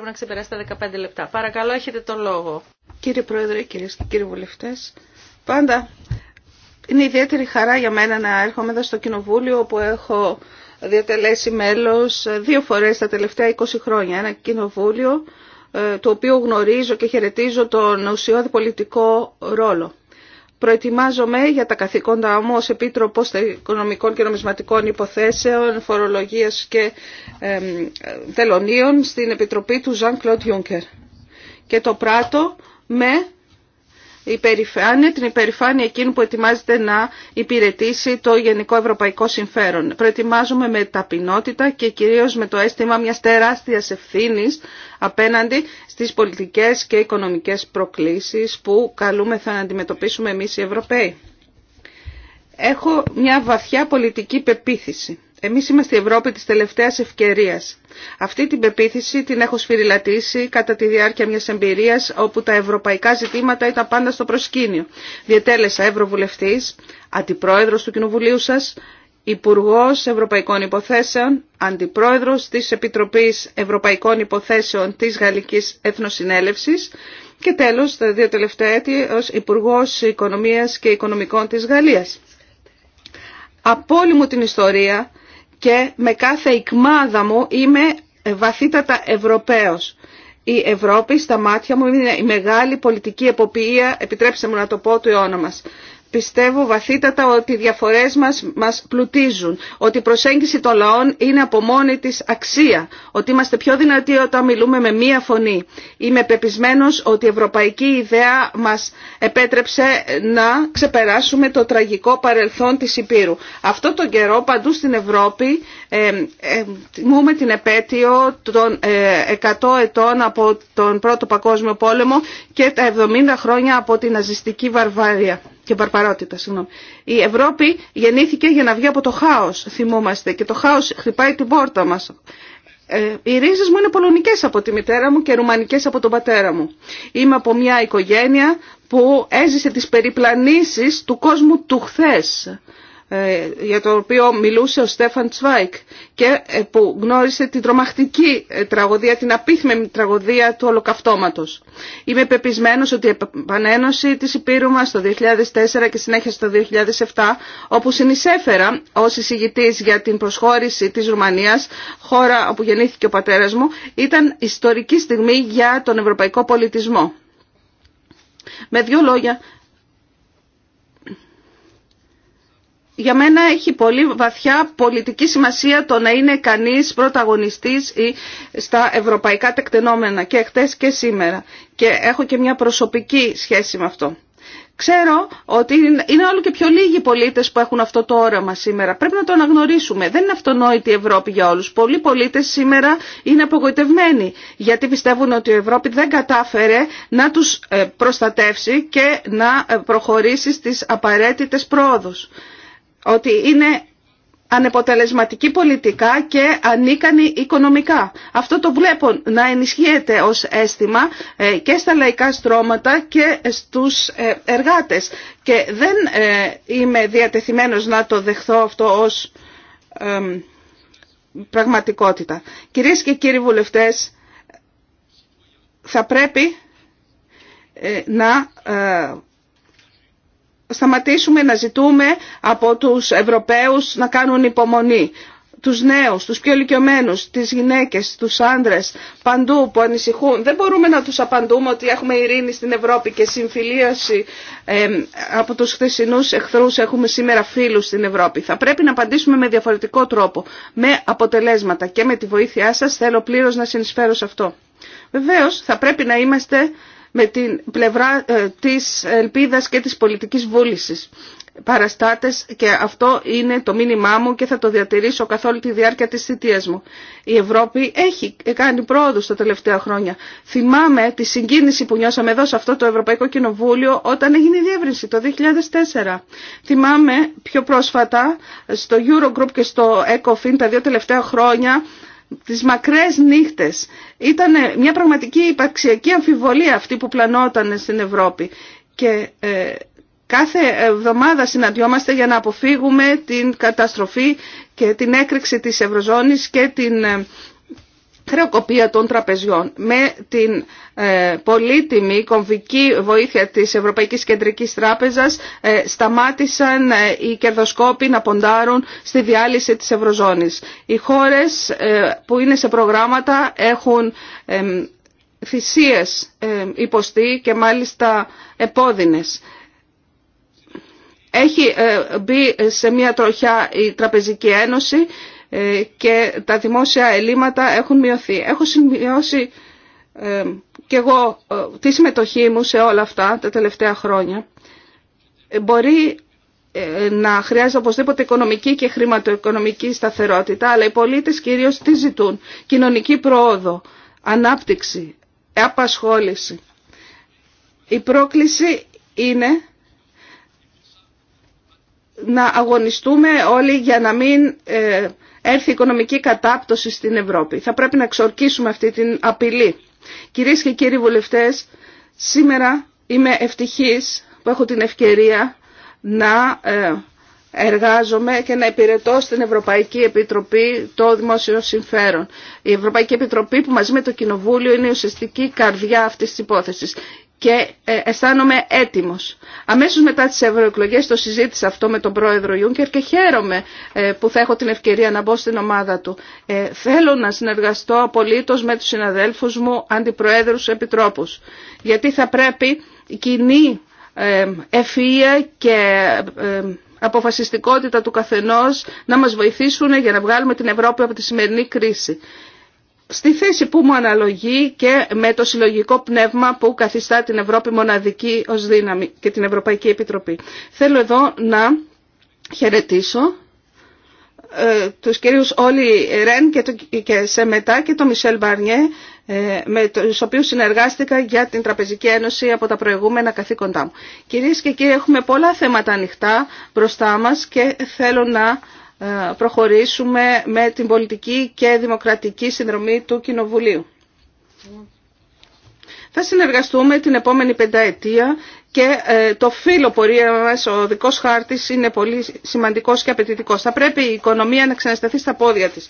πρέπει να ξεπεράσει τα 15 λεπτά. Παρακαλώ, έχετε το λόγο. Κύριε Πρόεδρε, κύριε και κύριοι βουλευτές, πάντα είναι ιδιαίτερη χαρά για μένα να έρχομαι εδώ στο Κοινοβούλιο όπου έχω διατελέσει μέλος δύο φορές τα τελευταία 20 χρόνια. Ένα κοινοβούλιο ε, το οποίο γνωρίζω και χαιρετίζω τον ουσιώδη πολιτικό ρόλο. Προετοιμάζομαι για τα καθήκοντά μου ως Επίτροπος Οικονομικών και Νομισματικών Υποθέσεων, Φορολογίας και Τελωνίων στην Επιτροπή του Ζαν claude Juncker. Και το πράτο με υπερηφάνεια, την υπερηφάνεια εκείνου που ετοιμάζεται να υπηρετήσει το γενικό ευρωπαϊκό συμφέρον. Προετοιμάζουμε με ταπεινότητα και κυρίως με το αίσθημα μιας τεράστιας ευθύνης απέναντι στις πολιτικές και οικονομικές προκλήσεις που καλούμε να αντιμετωπίσουμε εμείς οι Ευρωπαίοι. Έχω μια βαθιά πολιτική πεποίθηση εμείς είμαστε η Ευρώπη της τελευταίας ευκαιρίας. Αυτή την πεποίθηση την έχω σφυριλατήσει κατά τη διάρκεια μιας εμπειρίας όπου τα ευρωπαϊκά ζητήματα ήταν πάντα στο προσκήνιο. Διετέλεσα Ευρωβουλευτής, Αντιπρόεδρος του Κοινοβουλίου σας, Υπουργός Ευρωπαϊκών Υποθέσεων, Αντιπρόεδρος της Επιτροπής Ευρωπαϊκών Υποθέσεων της Γαλλικής Εθνοσυνέλευσης και τέλος τα δύο τελευταία έτη ως Υπουργός Οικονομίας και Οικονομικών της Γαλλίας. Από όλη μου την ιστορία και με κάθε ικμάδα μου είμαι βαθύτατα Ευρωπαίος. Η Ευρώπη στα μάτια μου είναι η μεγάλη πολιτική εποποιία, επιτρέψτε μου να το πω, του αιώνα μας. Πιστεύω βαθύτατα ότι οι διαφορές μας μας πλουτίζουν, ότι η προσέγγιση των λαών είναι από μόνη της αξία, ότι είμαστε πιο δυνατοί όταν μιλούμε με μία φωνή. Είμαι πεπισμένος ότι η ευρωπαϊκή ιδέα μας επέτρεψε να ξεπεράσουμε το τραγικό παρελθόν της Υπήρου. Αυτό τον καιρό παντού στην Ευρώπη ε, ε τιμούμε την επέτειο των 100 ε, ετών από τον Πρώτο Παγκόσμιο Πόλεμο και τα 70 χρόνια από την ναζιστική βαρβάρια και συγγνώμη. Η Ευρώπη γεννήθηκε για να βγει από το χάος, θυμόμαστε, και το χάος χτυπάει την πόρτα μας. Ε, οι ρίζες μου είναι πολωνικές από τη μητέρα μου και ρουμανικές από τον πατέρα μου. Είμαι από μια οικογένεια που έζησε τις περιπλανήσεις του κόσμου του χθε. Ε, για το οποίο μιλούσε ο Στέφαν Τσβάικ και ε, που γνώρισε την τρομακτική ε, τραγωδία, την απίθμενη τραγωδία του ολοκαυτώματος. Είμαι πεπισμένος ότι η επανένωση της Υπήρου μας το 2004 και συνέχεια στο 2007, όπου συνεισέφερα ως εισηγητής για την προσχώρηση της Ρουμανίας, χώρα όπου γεννήθηκε ο πατέρας μου, ήταν ιστορική στιγμή για τον ευρωπαϊκό πολιτισμό. Με δύο λόγια, για μένα έχει πολύ βαθιά πολιτική σημασία το να είναι κανείς πρωταγωνιστής στα ευρωπαϊκά τεκτενόμενα και χτες και σήμερα. Και έχω και μια προσωπική σχέση με αυτό. Ξέρω ότι είναι όλο και πιο λίγοι πολίτες που έχουν αυτό το όραμα σήμερα. Πρέπει να το αναγνωρίσουμε. Δεν είναι αυτονόητη η Ευρώπη για όλους. Πολλοί πολίτες σήμερα είναι απογοητευμένοι γιατί πιστεύουν ότι η Ευρώπη δεν κατάφερε να τους ε, προστατεύσει και να ε, προχωρήσει στις απαραίτητες πρόοδους ότι είναι ανεποτελεσματική πολιτικά και ανίκανη οικονομικά. Αυτό το βλέπω να ενισχύεται ως αίσθημα ε, και στα λαϊκά στρώματα και στους ε, εργάτες. Και δεν ε, είμαι διατεθειμένος να το δεχθώ αυτό ως πραγματικότητα. Κυρίες και κύριοι βουλευτές, θα πρέπει να σταματήσουμε να ζητούμε από τους Ευρωπαίους να κάνουν υπομονή. Τους νέους, τους πιο ηλικιωμένους, τις γυναίκες, τους άντρες, παντού που ανησυχούν. Δεν μπορούμε να τους απαντούμε ότι έχουμε ειρήνη στην Ευρώπη και συμφιλίωση ε, από τους χθεσινούς εχθρούς έχουμε σήμερα φίλους στην Ευρώπη. Θα πρέπει να απαντήσουμε με διαφορετικό τρόπο, με αποτελέσματα και με τη βοήθειά σας θέλω πλήρως να συνεισφέρω σε αυτό. Βεβαίως θα πρέπει να είμαστε με την πλευρά ε, της ελπίδας και της πολιτικής βούλησης. Παραστάτες και αυτό είναι το μήνυμά μου και θα το διατηρήσω καθ' όλη τη διάρκεια της θητείας μου. Η Ευρώπη έχει κάνει πρόοδο στα τελευταία χρόνια. Θυμάμαι τη συγκίνηση που νιώσαμε εδώ σε αυτό το Ευρωπαϊκό Κοινοβούλιο όταν έγινε η διεύρυνση το 2004. Θυμάμαι πιο πρόσφατα στο Eurogroup και στο ECOFIN τα δύο τελευταία χρόνια τις μακρές νύχτες. Ήταν μια πραγματική υπαρξιακή αμφιβολία αυτή που πλανόταν στην Ευρώπη. Και ε, κάθε εβδομάδα συναντιόμαστε για να αποφύγουμε την καταστροφή και την έκρηξη της Ευρωζώνης και την ε, χρεοκοπία των τραπεζιών. Με την ε, πολύτιμη κομβική βοήθεια της Ευρωπαϊκής Κεντρικής Τράπεζας ε, σταμάτησαν ε, οι κερδοσκόποι να ποντάρουν στη διάλυση της Ευρωζώνης. Οι χώρες που είναι σε προγράμματα έχουν θυσίες υποστεί και μάλιστα επώδυνες. Έχει μπει σε μια τροχιά η Τραπεζική Ένωση ε, και τα δημόσια ελλείμματα έχουν μειωθεί. Έχω σημειώσει ε, και εγώ ε, τη συμμετοχή μου σε όλα αυτά τα τελευταία χρόνια. Μπορεί να χρειάζεται οπωσδήποτε οικονομική και χρηματοοικονομική σταθερότητα, αλλά οι πολίτες κυρίως τι ζητούν. Κοινωνική πρόοδο, ανάπτυξη, απασχόληση. Η πρόκληση είναι να αγωνιστούμε όλοι για να μην ε, έρθει οικονομική κατάπτωση στην Ευρώπη. Θα πρέπει να εξορκίσουμε αυτή την απειλή. Κυρίες και κύριοι βουλευτές, σήμερα είμαι ευτυχής που έχω την ευκαιρία να ε, εργάζομαι και να υπηρετώ στην Ευρωπαϊκή Επιτροπή το Δημόσιο Συμφέρον. Η Ευρωπαϊκή Επιτροπή που μαζί με το Κοινοβούλιο είναι η ουσιαστική καρδιά αυτής της υπόθεσης και ε, αισθάνομαι έτοιμος. Αμέσως μετά τις ευρωεκλογέ το συζήτησα αυτό με τον πρόεδρο Ιούνκερ και χαίρομαι ε, που θα έχω την ευκαιρία να μπω στην ομάδα του. Ε, θέλω να συνεργαστώ απολύτως με τους συναδέλφους μου, αντιπροέδρους, επιτρόπους. Γιατί θα πρέπει η κοινή ευφυΐα και αποφασιστικότητα του καθενός να μας βοηθήσουν για να βγάλουμε την Ευρώπη από τη σημερινή κρίση στη θέση που μου αναλογεί και με το συλλογικό πνεύμα που καθιστά την Ευρώπη μοναδική ως δύναμη και την Ευρωπαϊκή Επιτροπή. Θέλω εδώ να χαιρετήσω ε, τους κυρίους όλοι, Ρεν και, το, και σε μετά και τον Μισελ Μπαρνιέ ε, με τους οποίους συνεργάστηκα για την Τραπεζική Ένωση από τα προηγούμενα καθήκοντά μου. Κυρίες και κύριοι, έχουμε πολλά θέματα ανοιχτά μπροστά μας και θέλω να ε, προχωρήσουμε με την πολιτική και δημοκρατική συνδρομή του Κοινοβουλίου. Θα συνεργαστούμε την επόμενη πενταετία και ε, το φύλλο πορεία μας, ο δικός χάρτης είναι πολύ σημαντικός και απαιτητικός. Θα πρέπει η οικονομία να ξανασταθεί στα πόδια της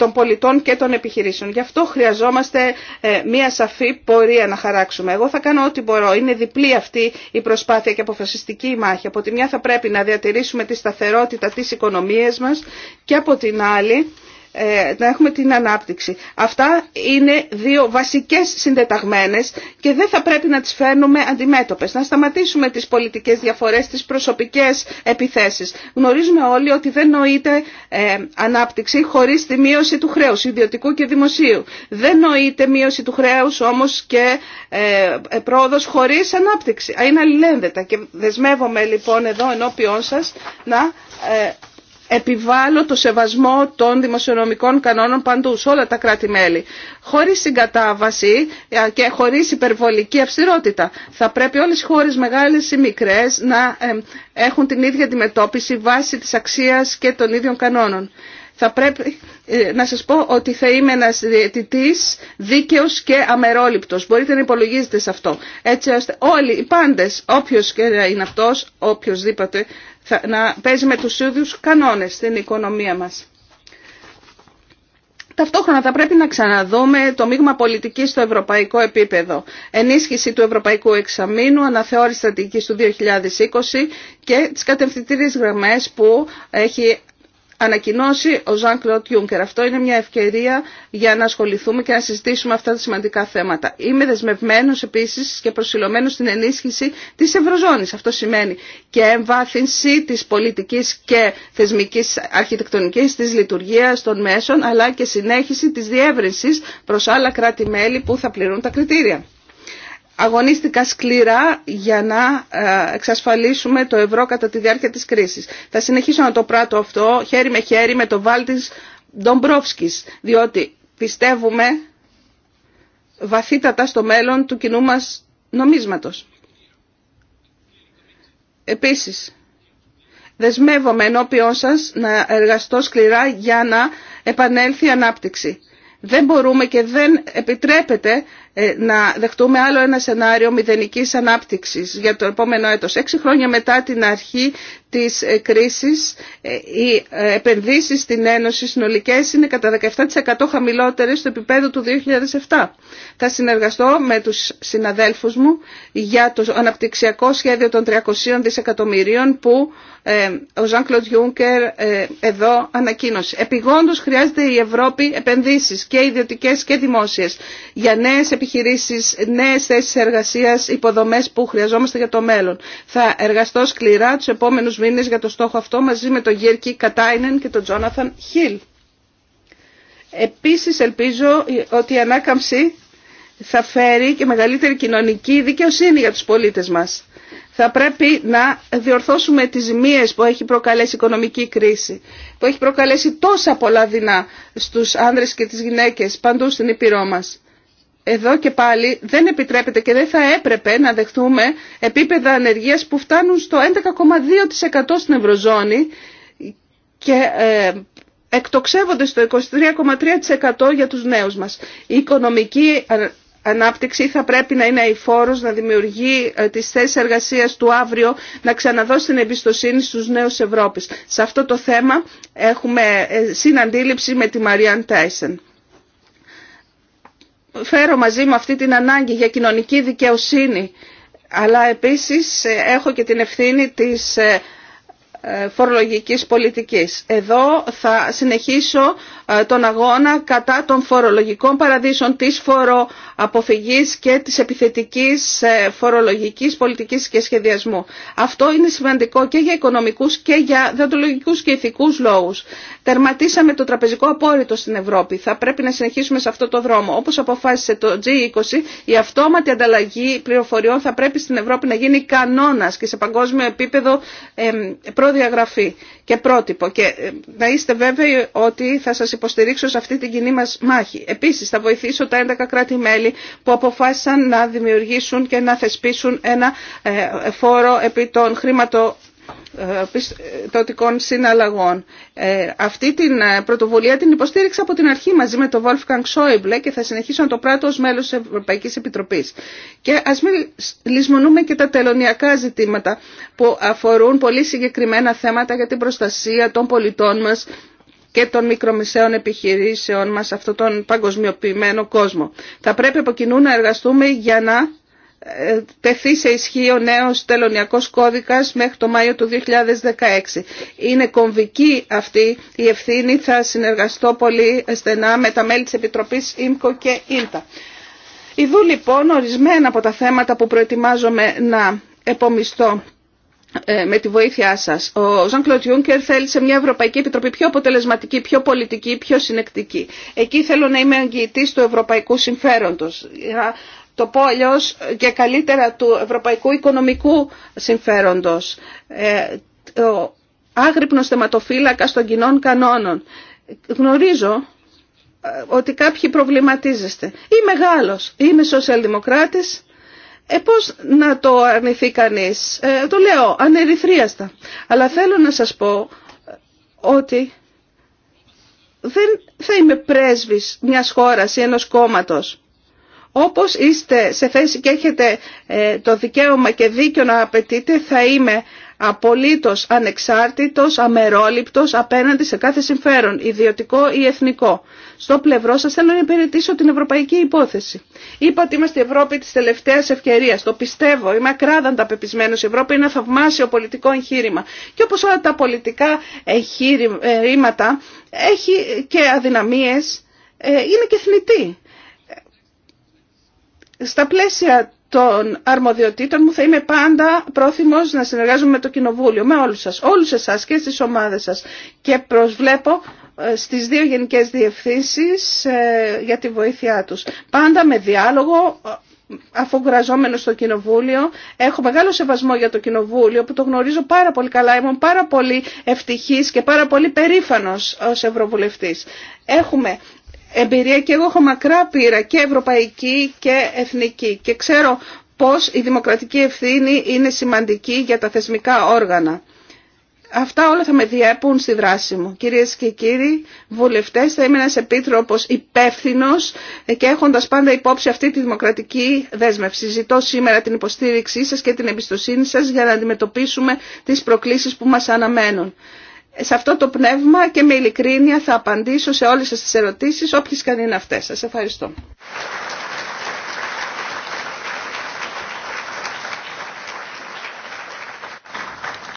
των πολιτών και των επιχειρήσεων. Γι' αυτό χρειαζόμαστε ε, μία σαφή πορεία να χαράξουμε. Εγώ θα κάνω ό,τι μπορώ. Είναι διπλή αυτή η προσπάθεια και αποφασιστική η μάχη. Από τη μια θα πρέπει να διατηρήσουμε τη σταθερότητα της οικονομίας μας και από την άλλη ε, να έχουμε την ανάπτυξη. Αυτά είναι δύο βασικές συντεταγμένες και δεν θα πρέπει να τις φέρνουμε αντιμέτωπες. Να σταματήσουμε τις πολιτικές διαφορές, τις προσωπικές επιθέσεις. Γνωρίζουμε όλοι ότι δεν νοείται ε, ανάπτυξη χωρίς τη μείωση του χρέους, ιδιωτικού και δημοσίου. Δεν νοείται μείωση του χρέους όμως και ε, πρόοδος χωρίς ανάπτυξη. Είναι αλληλένδετα και δεσμεύομαι λοιπόν εδώ ενώπιόν σας να ε, επιβάλλω το σεβασμό των δημοσιονομικών κανόνων παντού, σε όλα τα κράτη-μέλη. Χωρίς συγκατάβαση και χωρίς υπερβολική αυστηρότητα. Θα πρέπει όλες οι χώρες, μεγάλες ή μικρές, να έχουν την ίδια αντιμετώπιση βάσει της αξίας και των ίδιων κανόνων θα πρέπει ε, να σας πω ότι θα είμαι ένας διαιτητής δίκαιος και αμερόληπτος. Μπορείτε να υπολογίζετε σε αυτό. Έτσι ώστε όλοι οι πάντες, όποιος και είναι αυτός, οποιοδήποτε, να παίζει με τους ίδιους κανόνες στην οικονομία μας. Ταυτόχρονα θα πρέπει να ξαναδούμε το μείγμα πολιτικής στο ευρωπαϊκό επίπεδο. Ενίσχυση του ευρωπαϊκού εξαμήνου, αναθεώρηση στρατηγικής του 2020 και τις κατευθυντήριες γραμμές που έχει ανακοινώσει ο Ζαν Κλοντ Ιούνκερ. Αυτό είναι μια ευκαιρία για να ασχοληθούμε και να συζητήσουμε αυτά τα σημαντικά θέματα. Είμαι δεσμευμένο επίση και προσιλωμένο στην ενίσχυση τη Ευρωζώνη. Αυτό σημαίνει και εμβάθυνση τη πολιτική και θεσμική αρχιτεκτονική, τη λειτουργία των μέσων, αλλά και συνέχιση τη διεύρυνση προ άλλα κράτη-μέλη που θα πληρούν τα κριτήρια αγωνίστηκα σκληρά για να ε, εξασφαλίσουμε το ευρώ κατά τη διάρκεια της κρίσης. Θα συνεχίσω να το πράττω αυτό χέρι με χέρι με το Βάλτις Ντομπρόφσκης, διότι πιστεύουμε βαθύτατα στο μέλλον του κοινού μας νομίσματος. Επίσης, δεσμεύομαι ενώπιόν σας να εργαστώ σκληρά για να επανέλθει η ανάπτυξη. Δεν μπορούμε και δεν επιτρέπεται ε, να δεχτούμε άλλο ένα σενάριο μηδενικής ανάπτυξης για το επόμενο έτος. Έξι χρόνια μετά την αρχή της ε, κρίσης, ε, οι επενδύσεις στην Ένωση συνολικές είναι κατά 17% χαμηλότερες στο επίπεδο του 2007. Θα συνεργαστώ με τους συναδέλφους μου για το αναπτυξιακό σχέδιο των 300 δισεκατομμυρίων που ο Ζαν Κλοντ Γιούγκερ εδώ ανακοίνωσε. Επιγόντως χρειάζεται η Ευρώπη επενδύσεις και ιδιωτικές και δημόσιε. για νέες επιχειρήσεις, νέες θέσεις εργασίας, υποδομές που χρειαζόμαστε για το μέλλον. Θα εργαστώ σκληρά τους επόμενους μήνες για το στόχο αυτό μαζί με τον Γέρκη Κατάινεν και τον Τζόναθαν Χιλ. Επίσης ελπίζω ότι η ανάκαμψη θα φέρει και μεγαλύτερη κοινωνική δικαιοσύνη για τους πολίτες μας. Θα πρέπει να διορθώσουμε τις ζημίες που έχει προκαλέσει η οικονομική κρίση, που έχει προκαλέσει τόσα πολλά δεινά στους άνδρες και τις γυναίκες παντού στην Ήπειρό μας εδώ και πάλι δεν επιτρέπεται και δεν θα έπρεπε να δεχθούμε επίπεδα ανεργίας που φτάνουν στο 11,2% στην Ευρωζώνη και ε, εκτοξεύονται στο 23,3% για τους νέους μας. Η οικονομική ανάπτυξη θα πρέπει να είναι η φόρος, να δημιουργεί ε, τις θέσεις εργασίας του αύριο, να ξαναδώσει την εμπιστοσύνη στους νέους Ευρώπης. Σε αυτό το θέμα έχουμε ε, συναντήληψη με τη Μαριάν Τάισεν φέρω μαζί μου αυτή την ανάγκη για κοινωνική δικαιοσύνη αλλά επίσης ε, έχω και την ευθύνη της ε, ε, φορολογικής πολιτικής. Εδώ θα συνεχίσω ε, τον αγώνα κατά των φορολογικών παραδείσων της φοροαποφυγής και της επιθετικής ε, φορολογικής πολιτικής και σχεδιασμού. Αυτό είναι σημαντικό και για οικονομικούς και για δεοντολογικούς και ηθικούς λόγους. Τερματίσαμε το τραπεζικό απόρριτο στην Ευρώπη. Θα πρέπει να συνεχίσουμε σε αυτό το δρόμο. Όπως αποφάσισε το G20, η αυτόματη ανταλλαγή πληροφοριών θα πρέπει στην Ευρώπη να γίνει κανόνας και σε παγκόσμιο επίπεδο προδιαγραφή και πρότυπο και ε, να είστε βέβαιοι ότι θα σας υποστηρίξω σε αυτή την κοινή μας μάχη. Επίσης θα βοηθήσω τα 11 κράτη-μέλη που αποφάσισαν να δημιουργήσουν και να θεσπίσουν ένα ε, φόρο επί των χρήματο πιστοτικών συναλλαγών. Ε, αυτή την ε, πρωτοβουλία την υποστήριξα από την αρχή μαζί με τον Wolfgang Schäuble και θα συνεχίσω να το πράττω ως μέλος της Ευρωπαϊκής Επιτροπής. Και ας μην λησμονούμε και τα τελωνιακά ζητήματα που αφορούν πολύ συγκεκριμένα θέματα για την προστασία των πολιτών μας και των μικρομεσαίων επιχειρήσεων μα σε αυτόν τον παγκοσμιοποιημένο κόσμο. Θα πρέπει από κοινού να εργαστούμε για να τεθεί σε ισχύ ο νέος τελωνιακός κώδικας μέχρι το Μάιο του 2016. Είναι κομβική αυτή η ευθύνη, θα συνεργαστώ πολύ στενά με τα μέλη της Επιτροπής ΙΜΚΟ και ΙΝΤΑ. Ιδού λοιπόν ορισμένα από τα θέματα που προετοιμάζομαι να επομιστώ ε, με τη βοήθειά σας. Ο Ζαν Κλωτ Ιούνκερ θέλει σε μια Ευρωπαϊκή Επιτροπή πιο αποτελεσματική, πιο πολιτική, πιο συνεκτική. Εκεί θέλω να είμαι αγγιητής του ευρωπαϊκού συμφέροντος το πω αλλιώ και καλύτερα του ευρωπαϊκού οικονομικού συμφέροντος. Ε, ο άγρυπνος θεματοφύλακας των κοινών κανόνων. Γνωρίζω ε, ότι κάποιοι προβληματίζεστε. Είμαι Γάλλος, είμαι σοσιαλδημοκράτης, ε, πώς να το αρνηθεί κανείς. Ε, το λέω ανερυθρίαστα. Αλλά θέλω να σας πω ότι δεν θα είμαι πρέσβης μιας χώρας ή ενός κόμματος. Όπως είστε σε θέση και έχετε ε, το δικαίωμα και δίκιο να απαιτείτε, θα είμαι απολύτως ανεξάρτητος, αμερόληπτος απέναντι σε κάθε συμφέρον, ιδιωτικό ή εθνικό. Στο πλευρό σας θέλω να υπηρετήσω την ευρωπαϊκή υπόθεση. Είπα ότι είμαστε η Ευρώπη της τελευταίας ευκαιρίας. Το πιστεύω, είμαι ακράδαντα πεπισμένος. Η Ευρώπη είναι ένα θαυμάσιο πολιτικό εγχείρημα. Και όπως όλα τα πολιτικά εγχείρηματα, ε, έχει και αδυναμίες, ε, είναι και θνητή. Στα πλαίσια των αρμοδιοτήτων μου θα είμαι πάντα πρόθυμος να συνεργάζομαι με το Κοινοβούλιο, με όλους σας, όλους εσάς και στις ομάδες σας. Και προσβλέπω ε, στις δύο γενικές διευθύνσεις ε, για τη βοήθειά τους. Πάντα με διάλογο, ε, αφού στο Κοινοβούλιο. Έχω μεγάλο σεβασμό για το Κοινοβούλιο που το γνωρίζω πάρα πολύ καλά. Είμαι πάρα πολύ ευτυχής και πάρα πολύ περήφανος ως Ευρωβουλευτής. Έχουμε εμπειρία και εγώ έχω μακρά πείρα και ευρωπαϊκή και εθνική και ξέρω πώς η δημοκρατική ευθύνη είναι σημαντική για τα θεσμικά όργανα. Αυτά όλα θα με διέπουν στη δράση μου. Κυρίες και κύριοι βουλευτές, θα είμαι ένας επίτροπος υπεύθυνο και έχοντας πάντα υπόψη αυτή τη δημοκρατική δέσμευση. Ζητώ σήμερα την υποστήριξή σας και την εμπιστοσύνη σας για να αντιμετωπίσουμε τις προκλήσεις που μας αναμένουν σε αυτό το πνεύμα και με ειλικρίνεια θα απαντήσω σε όλες σας τις ερωτήσεις, όποιες και είναι αυτές. Σας ευχαριστώ.